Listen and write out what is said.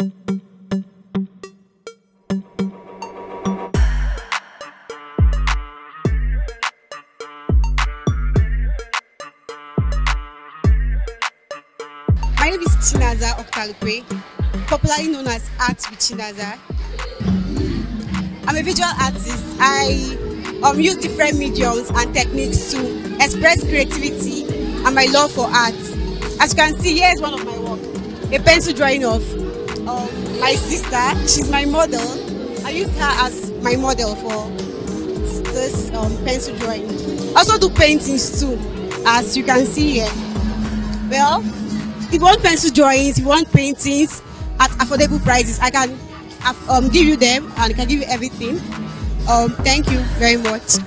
My name is Chinaza Okpalukwe, popularly known as Art with Chinaza. I'm a visual artist. I um, use different mediums and techniques to express creativity and my love for art. As you can see, here is one of my work, a pencil drawing of um, my sister. She's my model. I use her as my model for this um, pencil drawing. I also do paintings too, as you can see here. Well, if you want pencil drawings, if you want paintings at affordable prices, I can um, give you them and I can give you everything. Um, thank you very much.